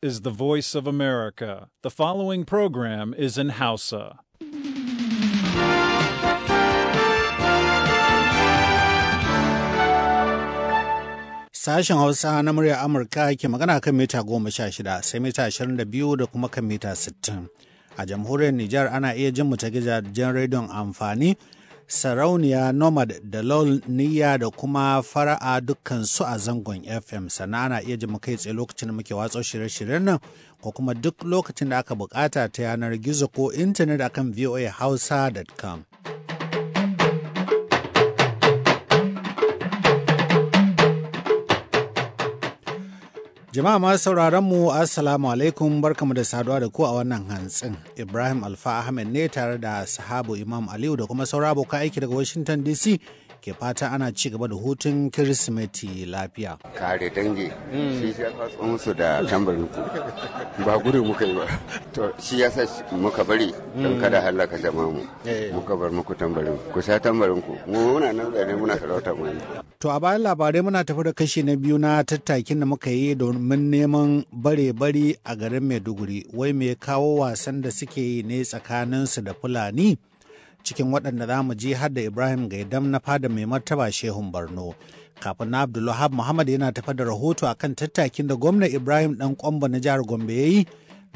is the voice of America. The following program is in Hausa. Sashen Hausa na murya Amurka ke magana kan mita goma sha shida sai mita ashirin da biyu da kuma kan mita sittin. A jamhuriyar Nijar ana iya jin mu ta gidajen rediyon amfani sarauniya nomad da lol niyya da kuma fara'a dukkan su a zangon fm sannan ana iya jima kai tsaye lokacin da muke watsa shirye-shiryen nan ko kuma duk lokacin da aka bukata ta yanar gizo ko intanet akan voahausa.com. Jama'a masu sauraron mu Assalamu alaikum barkamu da saduwa da ku a wannan hantsin. Ibrahim Alfa Ahmed ne tare da sahabu Imam Aliyu da kuma saura abokan aiki daga Washington DC ke fata ana ci gaba da hutun kirsimeti lafiya kare dangi shi ya fatsa musu da tambarin ku ba gudu muka yi ba to shi ya sa muka bari don hmm. kada halaka jama'a mu eh. muka bar muku tambarin ku sha tambarin ku mu muna nan ne muna sarauta mu to a bayan labarai muna tafi da kashi na biyu na tattakin da muka yi domin neman bare-bari a garin Maiduguri wai me kawo wasan da suke yi ne tsakaninsu da Fulani cikin waɗanda za mu je har da Ibrahim Gaidam na fada mai martaba Shehun Barno. Kafin na Abdullahab Muhammad yana tafa da rahoto a kan tattakin da gwamna Ibrahim ɗan kwamba na jihar Gombe ya yi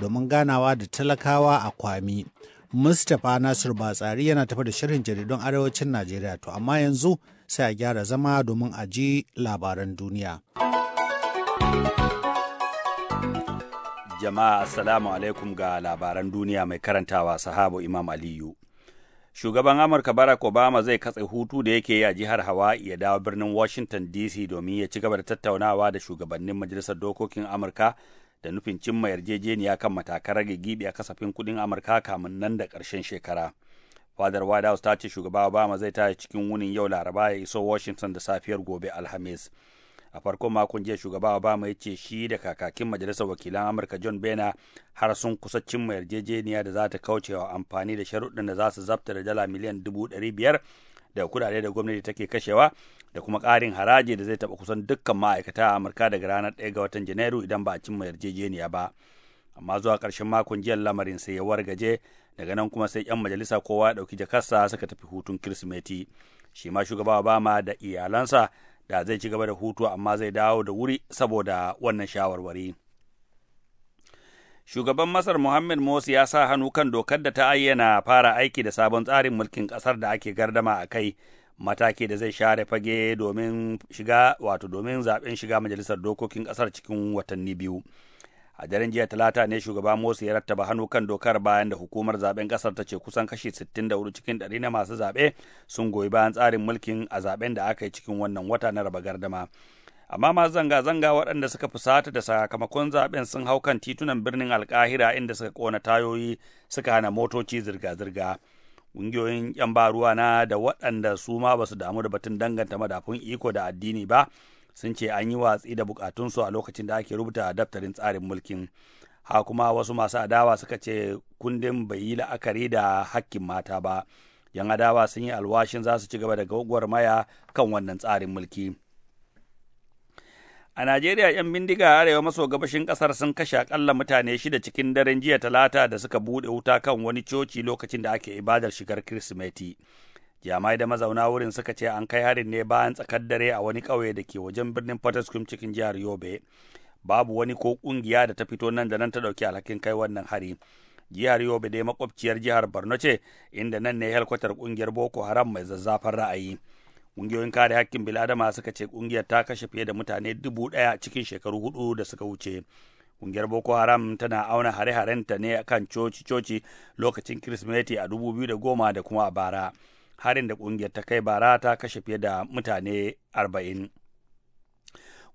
domin ganawa da talakawa a kwami. Mustapha Nasir Batsari yana tafa da shirin jaridun arewacin Najeriya to amma yanzu sai a gyara zama domin a ji labaran duniya. Jama'a Assalamu alaikum ga labaran duniya mai karantawa sahabo Imam Aliyu. shugaban amurka barack obama zai katse hutu da yake yi a jihar hawaii ya dawo birnin washington dc domin ya ci gaba da tattaunawa da shugabannin majalisar dokokin amurka da nufin cimma yarjejeniya kan matakan rage gibi a kasafin kudin amurka kamun nan da ƙarshen shekara fadar white house ta ce shugaba obama zai tashi cikin wunin yau laraba ya iso washington da safiyar gobe alhamis a farkon makon jiya shugaba obama ya ce shi da kakakin majalisar wakilan amurka john bena har sun kusa cimma yarjejeniya da za ta kauce wa amfani da sharuɗin da za su zabta da dala miliyan dubu ɗari biyar da kudade da gwamnati take kashewa da kuma ƙarin haraji da zai taɓa kusan dukkan ma'aikata a amurka daga ranar ɗaya ga watan janairu idan ba a cimma yarjejeniya ba amma zuwa ƙarshen makon jiya lamarin sai ya wargaje daga nan kuma sai 'yan majalisa kowa ya ɗauki jakarsa suka tafi hutun kirsimeti shi ma shugaba obama da iyalansa da zai ci gaba da hutu amma zai dawo da wuri saboda wannan shawarwari. Shugaban Masar mohammed Morsi ya sa hannu kan dokar da ta ayyana fara aiki da sabon tsarin mulkin ƙasar da ake gardama a kai mataki da zai share fage domin shiga wato domin zaben shiga majalisar dokokin ƙasar cikin watanni biyu. a daren jiya talata ne shugaba Morsi ya rattaba hannu kan dokar bayan da hukumar zaben kasar ta ce kusan kashi 64 cikin 100 na masu zaɓe sun goyi bayan tsarin mulkin a zaben da aka yi cikin wannan wata na raba gardama. amma masu zanga-zanga waɗanda suka fusata da sakamakon zaben sun hau kan titunan birnin alkahira inda suka kona tayoyi suka hana motoci zirga-zirga ƙungiyoyin 'yan baruwa na da waɗanda su ma ba su damu da batun danganta madafun iko da addini ba sun ce an yi watsi da bukatunsu a lokacin da ake rubuta daftarin tsarin mulkin ha kuma wasu masu adawa suka ce kundin bai yi la'akari da hakkin mata ba yan adawa sun yi alwashin za su ci gaba da maya kan wannan tsarin mulki a najeriya yan bindiga arewa maso gabashin kasar sun kashe akalla mutane shida cikin daren jiya talata da suka buɗe wuta kan wani coci lokacin da ake ibadar shigar kirsimeti jamai da mazauna wurin suka ce an kai harin ne bayan tsakar dare a wani ƙauye da ke wajen birnin Potoskum cikin jihar Yobe. Babu wani ko ƙungiya da ta fito nan da nan ta ɗauki alhakin kai wannan hari. Jihar Yobe dai makwabciyar jihar Borno ce inda nan ne helkwatar ƙungiyar Boko Haram mai zazzafar ra'ayi. Ƙungiyoyin kare hakkin bil'adama suka ce ƙungiyar ta kashe fiye da mutane dubu ɗaya cikin shekaru hudu da suka wuce. Ƙungiyar Boko Haram tana auna hare-harenta ne kan coci-coci lokacin Kirsimeti a dubu biyu da goma da kuma a bara. harin da ƙungiyar ta kai bara ta kashe fiye da mutane arba'in.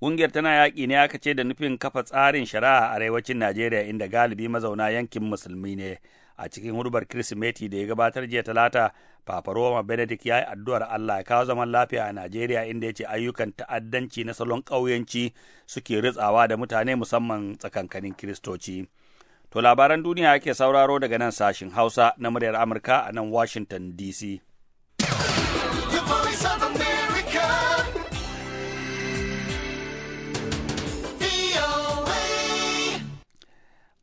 Ƙungiyar tana yaƙi ne aka ce da nufin kafa tsarin shari'a a arewacin Najeriya inda galibi mazauna yankin musulmi ne. A cikin hurbar Kirsimeti da ya gabatar jiya Talata, Papa Roma Benedict ya yi addu'ar Allah ya kawo zaman lafiya a Najeriya inda ya ce ayyukan ta'addanci na salon ƙauyenci suke ritsawa da mutane musamman tsakankanin Kiristoci. To labaran duniya ake sauraro daga nan sashin Hausa na muryar Amurka a nan Washington DC. A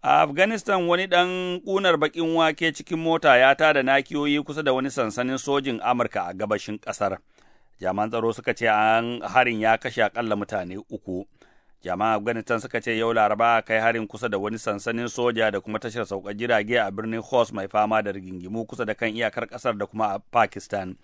Afghanistan wani ɗan ƙunar baƙin wake cikin mota ya tada nakiyoyi kusa da wani sansanin sojin Amurka a gabashin ƙasar. Jaman tsaro suka ce an harin ya kashe aƙalla mutane uku. Jaman afghanistan suka ce yau laraba kai harin kusa da wani sansanin soja da kuma tashar saukar jirage a birnin homs mai fama da rigingimu kusa da kan iyakar ƙasar da kuma a pakistan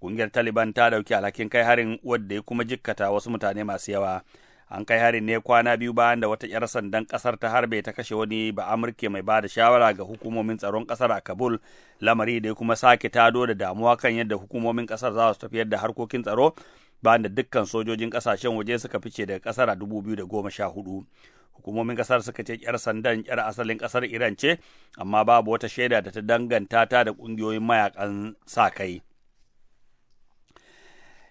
Ƙungiyar Taliban ta ɗauki alhakin kai harin wadda ya kuma jikkata wasu mutane masu yawa. An kai harin ne kwana biyu bayan da wata 'yar sandan kasar ta harbe ta kashe wani ba Amurke mai bada shawara ga hukumomin tsaron kasar a Kabul, lamari da ya kuma sake tado da damuwa kan yadda hukumomin ƙasar za su tafiyar da harkokin tsaro bayan da dukkan sojojin kasashen waje suka fice daga kasar a 2014. hukumomin kasar suka ce yar sandan yar asalin kasar iran ce amma babu wata shaida da ta danganta ta da kungiyoyin mayakan sa kai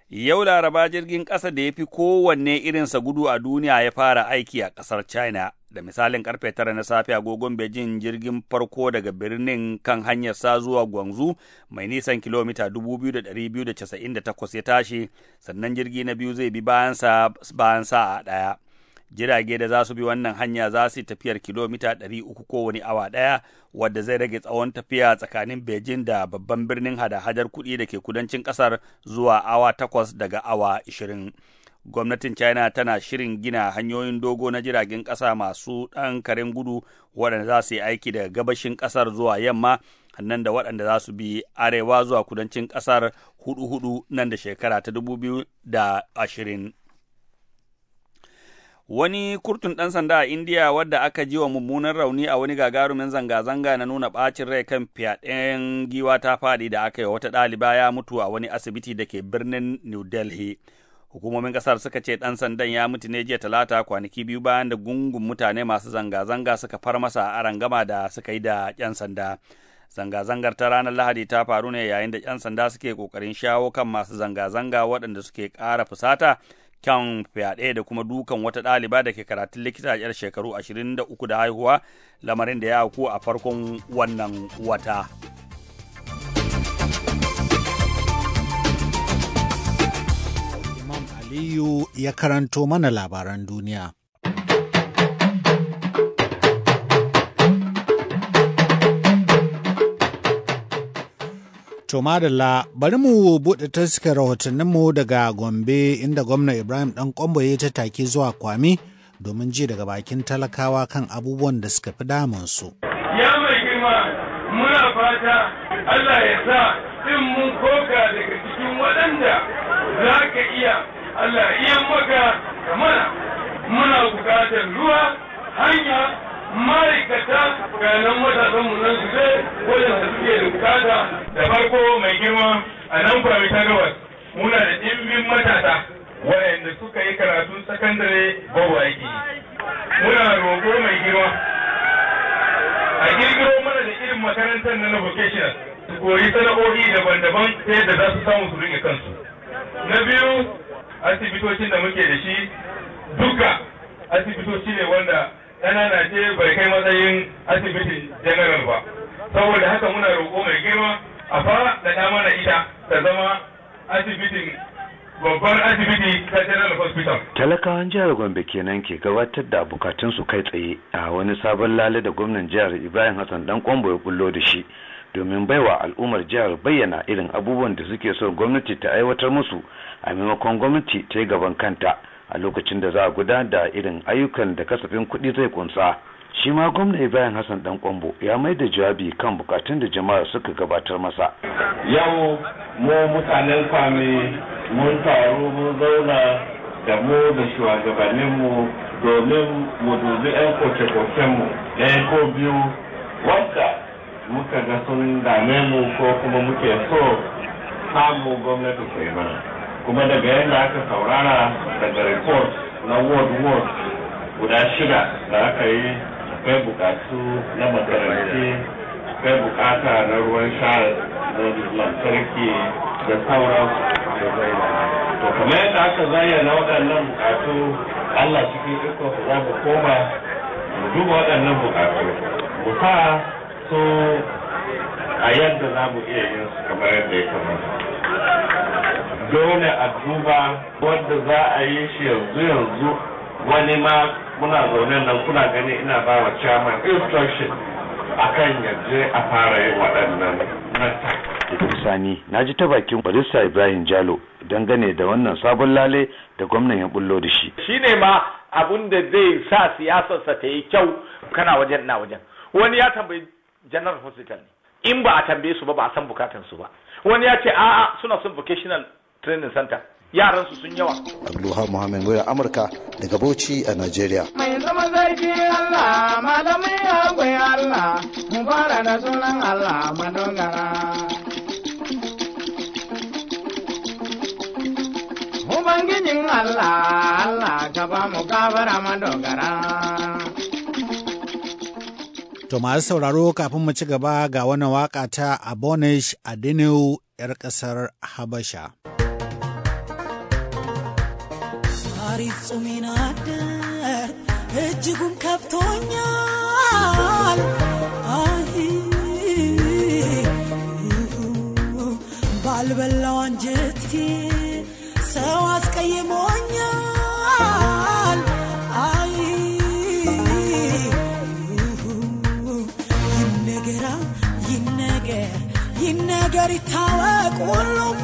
Yau Laraba jirgin ƙasa da ya fi kowanne irinsa gudu a duniya ya fara aiki a ƙasar China. Da misalin karfe tara na safe agogon Beijing jirgin farko daga birnin kan hanyar sa zuwa Guangzhou mai nisan kilomita 2,298 ya tashi, sannan jirgi na biyu zai bi bayan sa a ɗaya. jirage da za su bi wannan hanya za su yi tafiyar kilomita 300 kowane awa ɗaya wadda zai rage tsawon tafiya tsakanin beijing da babban birnin hada-hadar kuɗi da ke kudancin ƙasar zuwa awa takwas daga awa 20 gwamnatin china tana shirin gina hanyoyin dogo na jiragen ƙasa masu ɗan karen gudu waɗanda za su yi aiki daga gabashin ƙasar zuwa yamma nan da waɗanda za su bi arewa zuwa kudancin ƙasar hudu-hudu nan da shekara ta 2020 Wani kurtun ɗan sanda a Indiya wadda aka ji wa mummunan rauni a wani gagarumin zanga-zanga na nuna ɓacin rai kan fyaɗen giwa ta faɗi da aka yi wata ɗaliba ya mutu a wani asibiti da ke birnin New Delhi. Hukumomin ƙasar suka ce ɗan sandan ya mutu ne jiya talata kwanaki biyu bayan da gungun mutane masu zanga-zanga suka far masa a rangama da suka yi da ƴan sanda. Zanga-zangar ta ranar Lahadi ta faru ne yayin da ƴan sanda suke ƙoƙarin shawo kan masu zanga-zanga waɗanda suke ƙara fusata kyan fyaɗe da kuma dukan wata ɗaliba da ke karatun likita a yar shekaru 23 da haihuwa lamarin da ya ku a farkon wannan wata. Imam Aliyu ya karanto mana labaran duniya. To madalla bari mu buɗe taskar rahotanninmu daga Gombe inda gwamna Ibrahim ɗan Kwambo ya tattaki zuwa kwami domin ji daga bakin talakawa kan abubuwan da suka fi su. Ya mai girma muna fata Allah ya sa in mun koka daga cikin waɗanda za ka iya Allah iya maka mana muna bukatar ruwa hanya ma'aikata ga matasan mu nan suke wajen da suke da bukata da farko mai girma a nan kwami ta gabas muna da ɗimbin matasa waɗanda suka yi karatun sakandare babu muna roƙo mai girma a girgiro mana da irin makarantar na na vocational su koyi sana'o'i daban-daban ta yadda za su samu su rike kansu na biyu asibitocin da muke da shi duka asibitoci ne wanda ƙanana ce bai kai matsayin asibitin general ba saboda haka muna roƙo mai girma a fara da mana ita ta zama asibitin babbar asibiti ta general hospital. talakawan jihar gombe kenan ke gabatar da su kai tsaye a wani sabon lale da gwamnan jihar ibrahim hassan dan kwambo ya bullo da shi domin baiwa al'ummar jihar bayyana irin abubuwan da suke son gwamnati ta aiwatar musu a maimakon gwamnati ta yi gaban kanta a lokacin da za a gudanar da irin ayyukan da kasafin kuɗi zai kunsa shi ma gwamna bayan hassan dan kwambo ya mai da jawabi kan bukatun da jama'a suka gabatar masa yau mu mutanen kwame mun taru mun zauna da mu da mu domin mu dubi 'yan koke mu ɗaya ko biyu wadda muka ga sun dame mu ko kuma muke so samu gwamnati kai mana kuma daga yadda aka saurara daga report na world war guda shida da aka yi akwai bukatu na makaranti akwai bukata na ruwan sha na lantarki da sauran to kamar yadda aka zayyana waɗannan bukatu allah cikin su za mu koma mu duba waɗannan bukatu mu sa su a yadda za mu iya yin su kamar yadda ya kamata dole a duba wanda za a yi shi yanzu yanzu wani ma muna zaune nan kuna gani ina ba wa chairman instruction akan yaje a fara yin waɗannan Sani na ji ta bakin barista Ibrahim Jalo dangane da wannan sabon lale da gwamnan ya bullo da shi. Shi ne ma abun da zai sa siyasarsa ta yi kyau kana wajen na wajen. Wani ya tambayi janar hospital in ba a tambaye su ba ba a san bukatan su ba wani ya ce a'a suna son vocational training center yaran su sun yawa Abdulhamid Muhammad Mura Amurka daga Bauchi a Najeriya mai zama zaki Allah malamai akwai Allah mu fara da sunan Allah madogara Ubangijin Allah Allah ka ba mu gabara madogara To masu sauraro kafin mu ci gaba ga wani waka ta Abonish Adinu 'yar ƙasar Habasha. ዛሬ ጹሜን አደር እጅጉም ከብቶኛል። አይ ባልበላው አንጀቴ ሰው አስቀይሞኛል። አይ ይነገራ ይነገር ይነገር ይታወቅ ሁሉም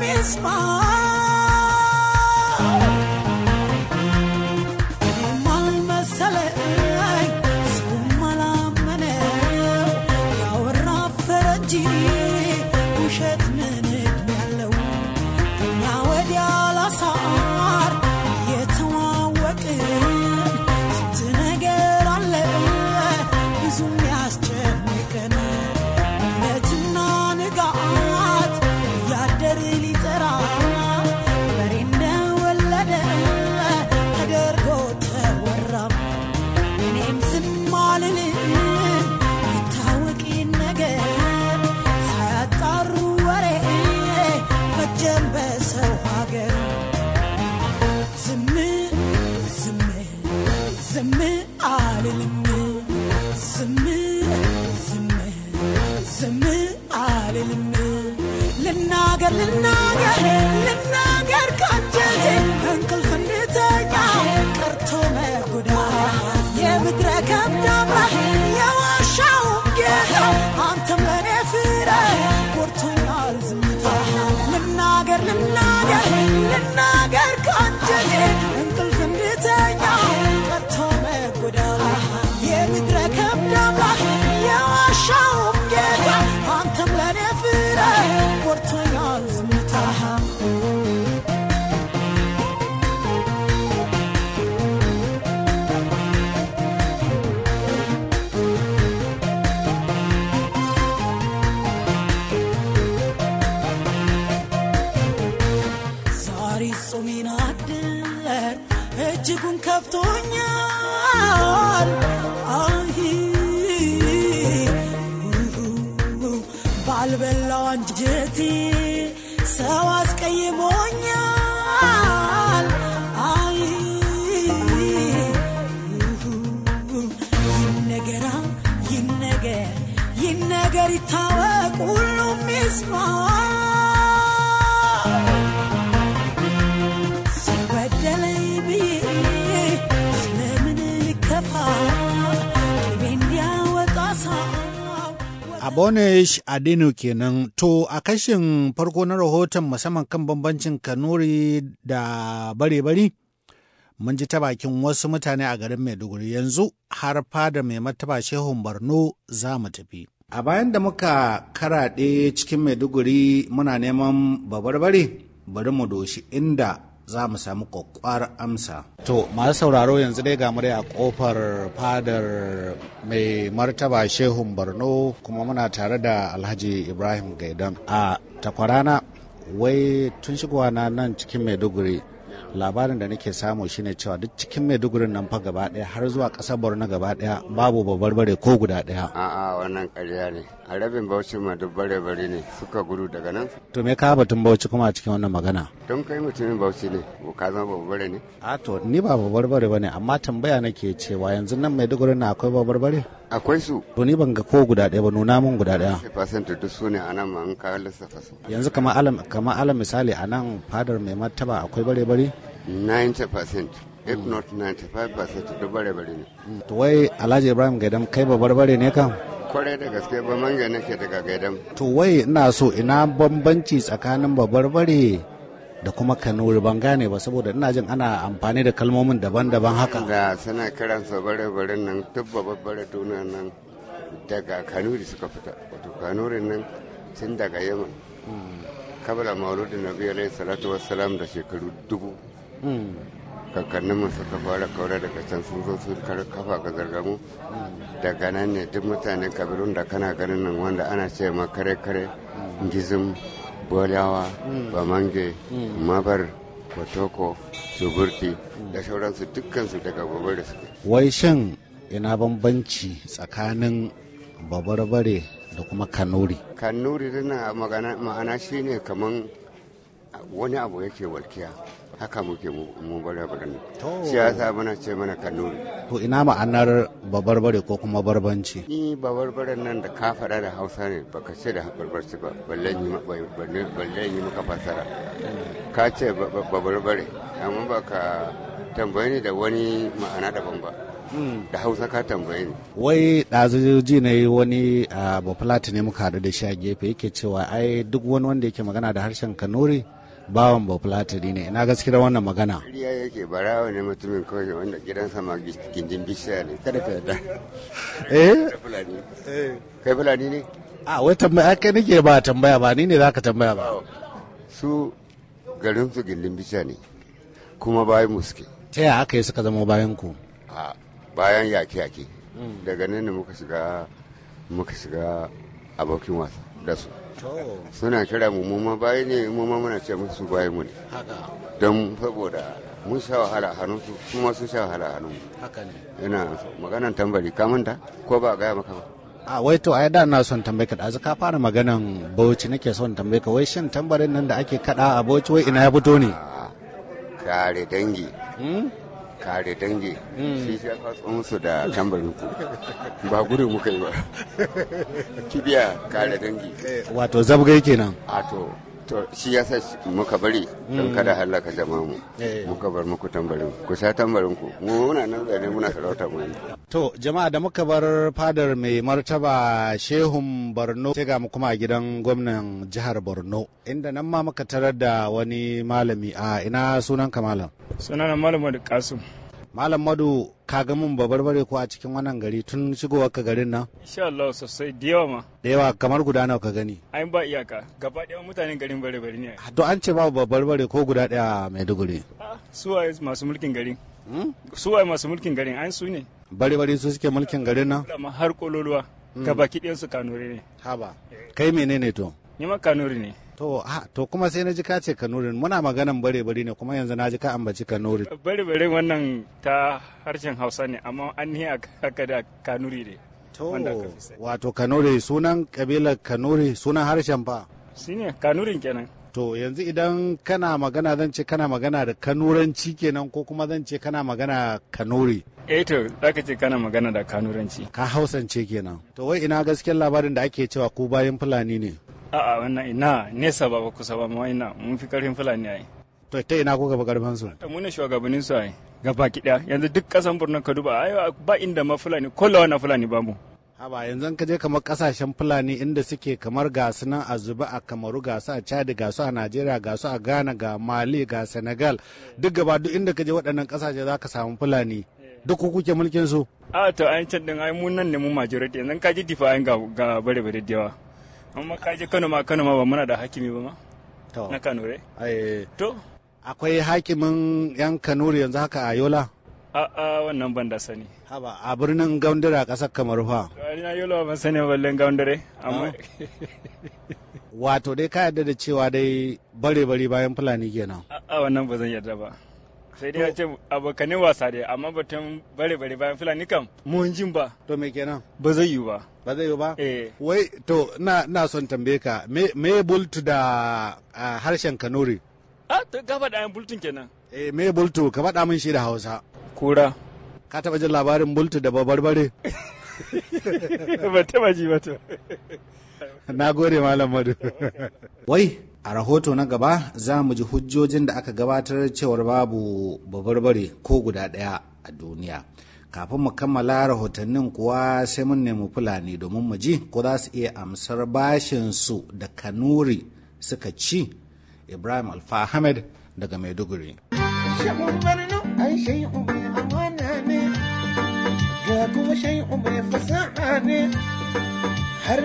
Lena, get, Lena, get, ጾሜን አድር እጅጉን ከፍቶኛል አይ ባልበላው አንጀቴ ሰው አስቀይሞኛል Bonish Adinu kenan to a kashin farko na rahoton musamman kan bambancin kanuri da bare-bari mun ji ta bakin wasu mutane a garin Maiduguri yanzu har fada mai mataba shehun barno za mu tafi. A bayan da muka karaɗe cikin Maiduguri muna neman babarbare bari mu doshi inda za mu samu kwakwar amsa. To masu sauraro yanzu dai ga dai a kofar fadar mai martaba shehun barno kuma muna tare da Alhaji Ibrahim Gaidan a takwarana wai tun shigowa na nan cikin Maiduguri labarin da nake samu shine cewa duk cikin Maiduguri nan fa gaba daya har zuwa ƙasar Borno gaba daya babu babbar bare ko guda daya. A'a wannan ƙarya ne. a rabin bauchi ma duk bare bare ne suka gudu daga nan to me ka batun bauchi kuma a cikin wannan magana don kai mutumin bauchi ne ko ka zama babbar ne a to ni ba babbar bare bane amma tambaya nake cewa yanzu nan maiduguri na akwai babbar bare akwai su to ni ban ga ko guda ɗaya ba nuna mun guda ɗaya percent duk su ne anan ma an ka lissafa su yanzu kamar alam kamar alam misali anan fadar mai martaba akwai bare bare 90 percent if not 95 percent duk bare bare ne to wai Alhaji Ibrahim Gaidam kai babbar bare ne kan kwarai da gaske ba manja nake daga gaidan. To wai ina so ina bambanci tsakanin babarbare da kuma kanuri ban gane ba saboda ina jin ana amfani da kalmomin daban-daban haka. Da suna kiran su bare-bare nan duk babbare duniya nan daga kanuri suka fita wato kanuri nan tun daga yaman. Hmm. Kabla mauludin nabi alaihi salatu wassalam da shekaru dubu. Hmm. kakanninmu suka fara kaura daga can sun zo sun kafa ga zargamu daga nan ne duk mutanen kabirun da kana ganin nan wanda ana ce ma kare kare gizim bolawa bamange mabar kotoko suburti da sauransu dukkansu daga gobe da suke wai shan ina bambanci tsakanin bare da kuma kanuri kanuri tana magana ma'ana shine kaman wani abu yake walkiya haka muke mu barbaren siyasa mana ce mana kanuri to ina ma'anar babarbare ko kuma barbanci ni babarbaren nan da ka faɗa da hausa ne baka ce da barbarci ba balle yi maka fasara ka ce babarbare amma baka tambaye ni da wani ma'ana daban ba hmm. da hausa ka tambaye ni wai ɗazuji ne wani ah, bafulati ne muka da shi a gefe yake cewa ai duk wani wanda yake magana da harshen kanuri bawan bafulatari ne ina gaskiyar wannan magana riya yake barawa ne mutumin kawai wanda gidansa ma gindin bishiya ne kada ka yarda eh? eh kai fulani ne a wai tambaya kai nake ba tambaya ba ni ne zaka tambaya ba su garin su gindin bishiya ne kuma bayan muske ta yaya aka yi suka zama bayan ku a bayan yaki-yaki. Hmm. daga nan ne muka shiga muka shiga abokin wasa da su suna kira mu mu ma bayi ne mu ma muna ce musu bayi mu ne don saboda mun sha wahala hannun su kuma sun sha wahala hannun mu haka ne ina maganan tambari ka manta ko ba gaya maka ba a wai to ai da na son tambaye ka dazu ka fara maganan bauchi nake son tambaye ka wai shin tambarin nan da ake kada a bauchi wai ina ya fito ne tare dangi hmm? kare dangi hmm. shi ya kwatsa da tambarin ku ba gudu muka yi ba kibiya kare dangi wato zabgai kenan wato to shi ya sa muka bari don kada mm. halaka jama mu eh. muka bar muku tambarin ku sha tambarin ku mu muna nan tsaye muna sarauta mu to jama'a da muka bar fadar mai martaba shehun borno sai ga mu kuma a gidan gwamnan jihar borno inda nan ma muka tarar da wani malami a ina sunan kamalan sunan malam da Malam Madu ka ga mun babarbare ko a cikin wannan gari tun shigowar ka garin nan? Insha Allah sosai da yawa ma. Da yawa kamar guda nawa ka gani? ai ba iyaka gaba daya mutanen garin bare-bare ne. To an ce ba barbare ko guda ɗaya Maiduguri? Ah, su waye masu mulkin garin? Hmm? Su waye masu mulkin garin an su ne. Bare-bare su suke mulkin garin nan? Har kololuwa. Hmm. baki kiɗin su kanuri ne. ba, Kai menene to? Ni ma kanuri ne. To, ah, to kuma sai na ji ka ce kanurin muna maganan bare bare ne kuma yanzu na ji ka ambaci kanurin. Bare bare wannan ta harshen Hausa ne amma an yi aka da kanuri ne. To, wato kanuri sunan kabilar kanuri sunan harshen fa. Shine kanurin kenan. To yanzu idan kana magana zan ce kana magana da kanuranci kenan ko kuma zan ce kana magana kanuri. Eh to zaka ce kana magana da kanuranci. Ka hausance kenan. To wai ina gaskiyar labarin da ake cewa ku bayan Fulani ne. a'a wannan ina nesa ba kusa ba ma ina mun fi karfin fulani ai to ta ina ko ba karfin su ta mun shugabannin su ai gaba kidaya yanzu duk kasan Borno Kaduba ai ba inda ma fulani kollawa na fulani ba mu haba yanzu ka je kamar kasashen fulani inda suke kamar gasu nan a zuba a kamaru gasu a chad gasu a najeriya gasu a ghana ga mali ga senegal duk gaba duk inda ka je waɗannan kasashe za ka samu fulani duk ku kuke mulkin su a to an can din ai mun nan ne mu majority yanzu ka ji difa ga bare bare da yawa Amma ka je Kano ma Kano ma ba muna da hakimi ba ma. To. Na Kanure. Eh? Ai. To. Akwai hakimin yan Kanuri yanzu haka a Yola? A a wannan ban da sani. Haba a birnin Gaundare a ƙasar Kamaru fa. Na Yola ban sani ba ballen Gaundare eh? amma. Wato dai ka yarda da cewa dai bare bare bayan Fulani kenan. A a wannan ba zan yarda ba. sai dai ce abokanin wasa dai amma batun bare bare bayan fulani kam mun jin ba to me kenan ba zai yi ba ba zai yi ba eh wai to na na son tambaye ka me me bultu da harshen kanuri a ah, to ka faɗa yan bultun kenan eh me bultu ka faɗa min shi da Hausa kura ka taɓa jin labarin bultu da babarbare ba taɓa ji ba to na gode malam madu wai a rahoto na gaba za mu ji hujjojin da aka gabatar cewar babu babarbare ko guda ɗaya a duniya kafin mu kammala rahotannin kuwa sai mun nemi fulani domin mu ji ko za su iya amsar bashinsu da kanuri suka ci ibrahim alfa daga maiduguri har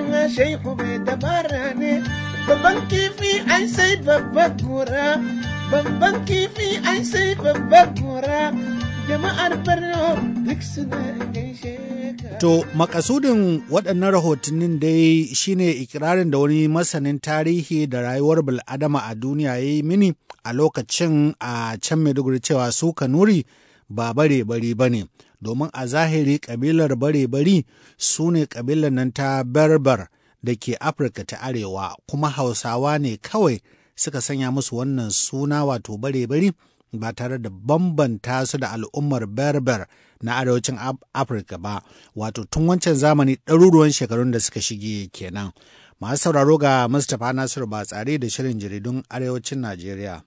ma shaihu mai dabara ne babban kifi ai sai babbar gora babban kifi ai sai babban gora jama'ar Borno duk suna gaishe To, makasudin waɗannan rahotannin dai shine ikirarin da wani masanin tarihi da rayuwar bil'adama a duniya ya yi mini a lokacin a can Maiduguri cewa su Kanuri ba bare-bari ba ne, domin a zahiri kabilar bare-bari su ne ƙabilar nan ta Berber da ke Afirka ta Arewa kuma Hausawa ne kawai suka sanya musu wannan suna wato bare-bari ba tare da bambanta su da al'ummar berber na arewacin Afirka ba wato tun wancan zamani ɗaruruwan shekarun da suka shige kenan. Masu sauraro ga Mustapha Nasiru ba tsare da Shirin Jaridun Arewacin Najeriya.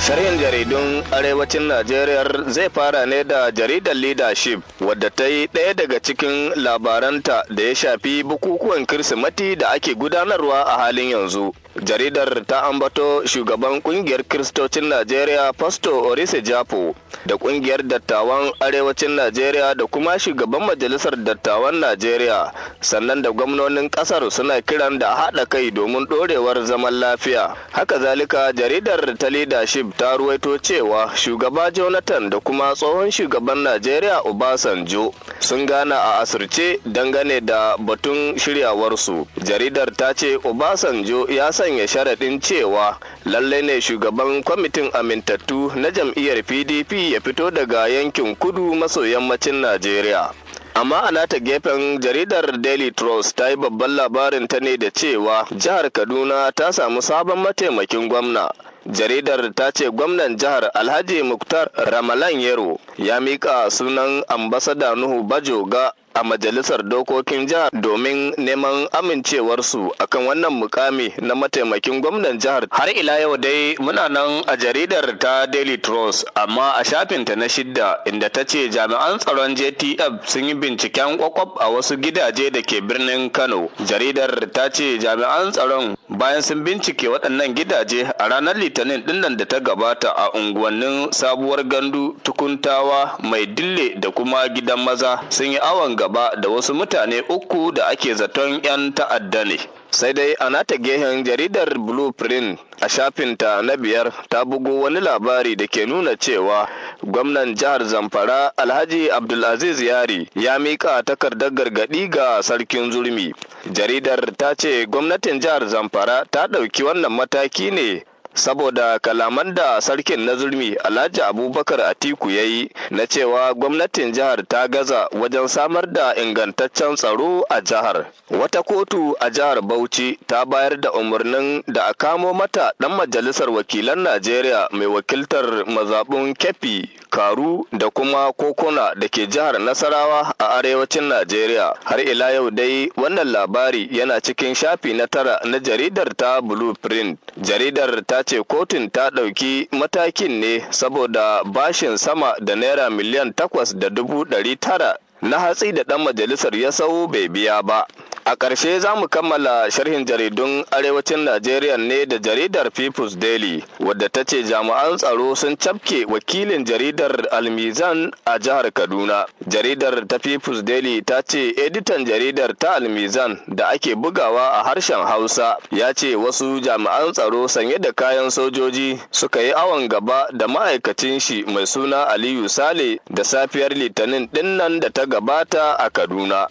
Sarhin jaridun Arewacin Najeriya zai fara ne da jaridar Leadership wadda ta yi ɗaya daga cikin labaranta da ya shafi bukukuwan Kirsimati da ake gudanarwa a halin yanzu. Jaridar ta ambato shugaban kungiyar Kiristocin Najeriya Pasto Orise Japo da kungiyar dattawan Arewacin Najeriya da kuma shugaban Majalisar Dattawan Najeriya sannan da gwamnonin kasar suna kiran da haɗa kai domin ɗorewar zaman lafiya. Haka zalika jaridar ta leadership ta ruwaito cewa shugaba Jonathan da kuma tsohon shugaban Najeriya Obasanjo sun gana a asirce dangane da batun shiryawarsu. Jaridar ta ce Obasanjo ya sanya sanya sharaɗin cewa lalle ne shugaban kwamitin amintattu na jam'iyyar pdp ya fito daga yankin kudu maso yammacin najeriya amma a nata gefen jaridar daily trust ta yi babban labarin ta ne da cewa jihar kaduna ta samu sabon mataimakin gwamna jaridar ta ce gwamnan jihar alhaji muktar ramalan yero ya mika sunan ambasada nuhu bajoga a majalisar dokokin jihar domin neman amincewarsu akan wannan mukami na mataimakin gwamnan jihar har ila yau dai muna nan a jaridar ta daily trust amma a shafinta na shidda inda ta ce jami'an tsaron jtf sun yi binciken kwakwab a wasu gidaje da ke birnin kano jaridar ta ce jami'an tsaron bayan sun bincike waɗannan gidaje a ranar litinin dinnan da ta gabata a unguwannin sabuwar gandu tukuntawa mai dille da kuma gidan maza sun yi awon gaba da wasu mutane uku da ake zaton 'yan ta'adda ne. sai dai a nata gehen jaridar blueprint a shafinta na biyar ta bugu wani labari da ke nuna cewa gwamnan jihar zamfara alhaji abdulaziz yari ya mika takardar gargaɗi ga sarkin zurmi jaridar ta ce gwamnatin jihar zamfara ta ɗauki wannan mataki ne saboda kalaman da sarkin na zurmi alhaji abubakar atiku ya yi na cewa gwamnatin jihar ta gaza wajen samar da ingantaccen tsaro a jihar wata kotu a jihar bauchi ta bayar da umarnin da a kamo mata ɗan majalisar wakilan najeriya mai wakiltar mazaɓin kefi karu da kuma kokuna da ke jihar Nasarawa a arewacin Najeriya. Har ila yau dai wannan labari yana cikin shafi na tara na jaridar ta Blueprint. Jaridar ta ce kotun ta ɗauki matakin ne saboda bashin sama da naira miliyan takwas da dubu ɗari tara na hatsi da ɗan majalisar ya sau bai biya ba A ƙarshe za mu kammala sharhin jaridun Arewacin Najeriya ne da jaridar People's Daily, wadda ta ce jami'an tsaro sun cafke wakilin jaridar Almizan a jihar Kaduna. Jaridar ta People's Daily ta ce editan jaridar ta Almizan da ake bugawa a harshen Hausa ya ce wasu jami'an tsaro sanye da kayan sojoji suka yi awon gaba da ma'aikacin shi mai suna Aliyu Sale da safiyar Litinin ɗinnan da ta gabata a Kaduna.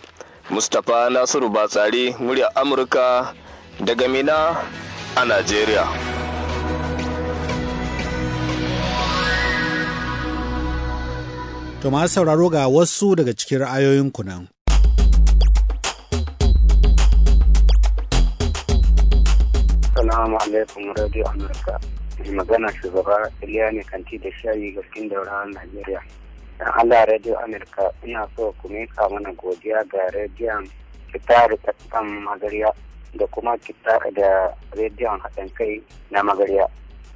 Mustapha Nasiru Batsari murya Amurka daga Mina a Najeriya. To masu sauraro ga wasu daga cikin ra'ayoyin kunan. Salamu alaikum Radio Amurka. Magana shugaba Iliya ne kanti da shayi ga cikin daura Najeriya. dan Allah Radio Amerika ina so ku mika mana godiya ga rediyon kitar ta magariya da kuma kita da rediyon haɗin kai na magarya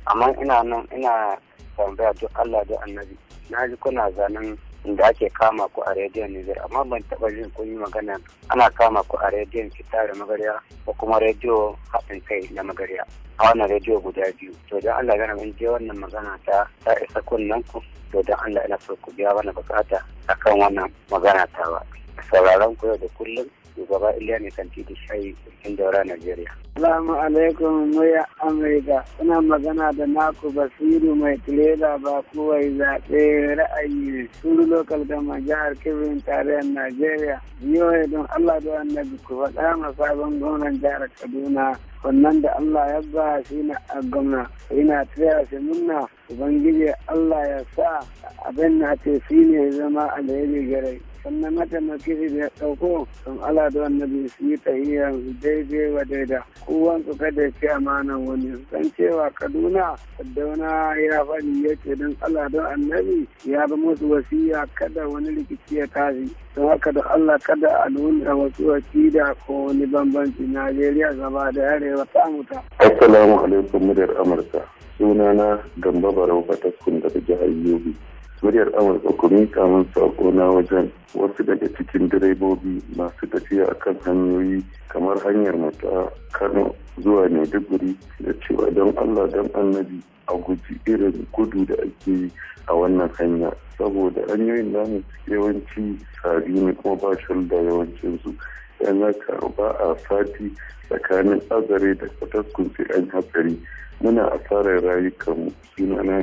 amma ina nan ina tambaya duk Allah da annabi na ji kuna zanen da ake kama ku a rediyon Nijar amma ban taɓa jin kun yi magana ana kama ku a rediyon Kita da Magarya ko kuma rediyo haɗin kai na Magarya a wannan rediyo guda biyu to dan Allah gana mun je wannan magana ta ta isa kunnen ku to dan Allah ina so ku biya mana bukata akan wannan magana ta ba sauraron ku yau da kullum shugaba Iliya ne kan titi shayi cikin daura Najeriya. Salamu alaikum muya Amurka suna magana da naku Basiru mai tireda ba kowai zaɓe ra'ayi suru lokal gama jihar Kebbi tarayyar Najeriya. Yau don Allah da annabi ku faɗa ma sabon gwamnan jihar Kaduna wannan da Allah ya ba shi na a gwamna ina tsaya shi nuna Ubangiji Allah ya sa abin na ce shi ne zama alheri gare. sannan mataimakin shi da ɗauko don Allah da annabi su yi tahiyar daidai wa daida kowan su kada ce amana wani san cewa Kaduna kaddauna ya faɗi ya ce don Allah da annabi ya bi musu wasiya kada wani rikici ya tashi don haka da Allah kada a nuna wasu wakida ko wani bambanci Najeriya gaba da arewa ta muta. Assalamu alaikum muryar Amurka sunana Gamba Barau Fataskun daga jihar Yobe. muryar amurka ku miƙa min sako na wajen wasu daga cikin direbobi masu tafiya akan hanyoyi kamar hanyar mata kano zuwa maiduguri da cewa don allah don annabi a guji irin gudu da ake yi a wannan hanya saboda hanyoyin namu yawanci sabi ne kuma ba shi da yawancinsu yan haka ba a sati tsakanin azare da fataskun sai hatsari muna asarar rayukanmu sunana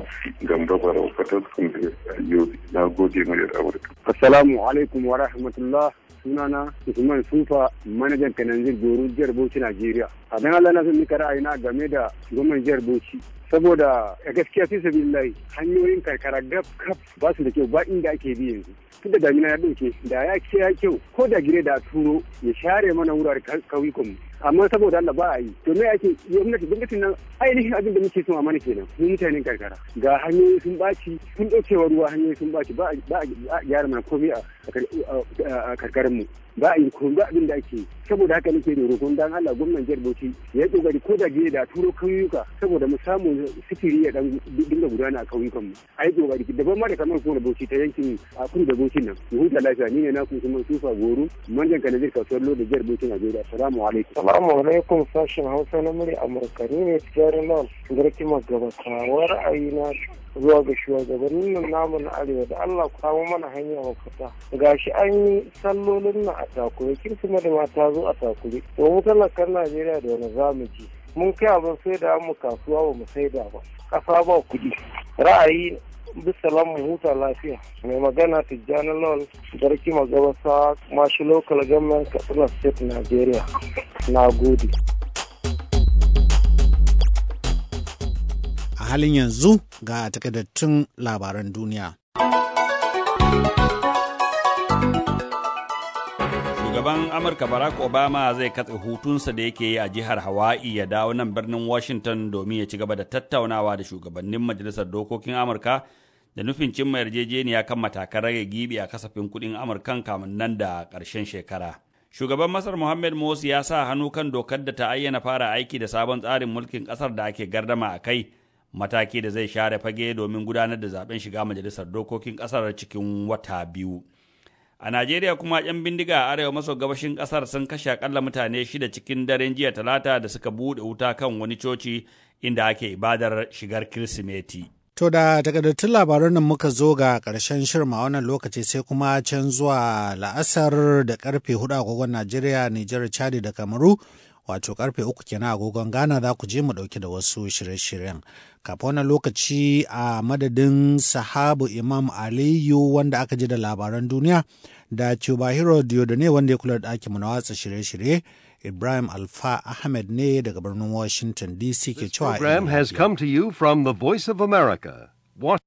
gamba barau fataskum da yau na gode mai amurka assalamu alaikum wa rahmatullah sunana usman sufa manajan kananzir doru jihar bauchi najeriya a dan allah na zan mika ra'ayina game da gwamnan jihar bauchi saboda a gaskiya fi lai hanyoyin karkara gaf kaf ba su da kyau ba inda ake bi yanzu da damina ya dauke da ya ce ya kyau ko da gire da turo ya share mana wurar kawikon amma saboda Allah ba a yi to me na gwamnati gwamnatin nan ainihin abin da muke so a mana kenan mu mutanen karkara ga hanyoyi sun baci sun daukewa ruwa hanyoyi sun baci ba a gyara mana komai a karkarar mu ba a yi komai ba abin da ake saboda haka nake da roƙon dan Allah gwamnan jihar Bauchi ya yi ko da gire da turo kauyuka saboda mu samu sikiri ya dan dinga gudana a kauyukan mu a kokari daban ma da kamar kuma Bauchi ta yankin a kun da kwanakin nan mu huta lafiya ni ne naku kuma tufa goro manjan kanajir kasuwar lodi jihar bauchi najeriya assalamu alaikum assalamu alaikum sashen hausa na murya amurka ni ne tijjani nan garki magabatawa ra'ayina zuwa ga shugabannin nan namu na arewa da allah ku kawo mana hanya mafita gashi an yi sallolin na a takure kin kuma da mata zo a takure to mu talakan najeriya da wani zamu mun kai abin sai da mu kasuwa ba mu sai da ba kasa ba kuɗi ra'ayi bisalamu mu huta lafiya mai magana tijjani lol garki magabasa mashi local government katsina state nigeria na gode a halin yanzu ga takaddatun labaran duniya shugaban Amurka Barack Obama zai katse hutunsa da yake yi a jihar Hawaii ya dawo nan birnin Washington domin ya ci gaba da tattaunawa da shugabannin Majalisar Dokokin Amurka da nufin cimma yarjejeniya kan matakan rage gibi a kasafin kuɗin Amurkan kamun nan da karshen shekara. Shugaban Masar Mohammed Morsi ya sa hannu kan dokar da ta ayyana fara aiki da sabon tsarin mulkin kasar da ake gardama a kai, mataki da zai share fage domin gudanar da zaben shiga majalisar dokokin kasar cikin wata biyu. A Najeriya kuma 'yan bindiga a arewa maso gabashin ƙasar sun kashe akalla mutane shida cikin daren jiya talata da suka buɗe wuta kan wani coci inda ake ibadar shigar Kirsimeti. To da takardattun labarun nan muka zo ga ƙarshen shirma wannan lokaci sai kuma can zuwa la'asar da karfe hudu agogon Najeriya, Nijar, Chadi da Kamaru. wato karfe uku kenan agogon Ghana za ku je mu dauke da wasu shirye-shiryen. kafona wani lokaci a madadin sahabu Imam Aliyu wanda aka ji da labaran duniya da da Diodone wanda ya kula da ɗakinmu na watsa shirye-shirye. Ibrahim Alfa Ahmed ne daga birnin Washington DC ke cewa. has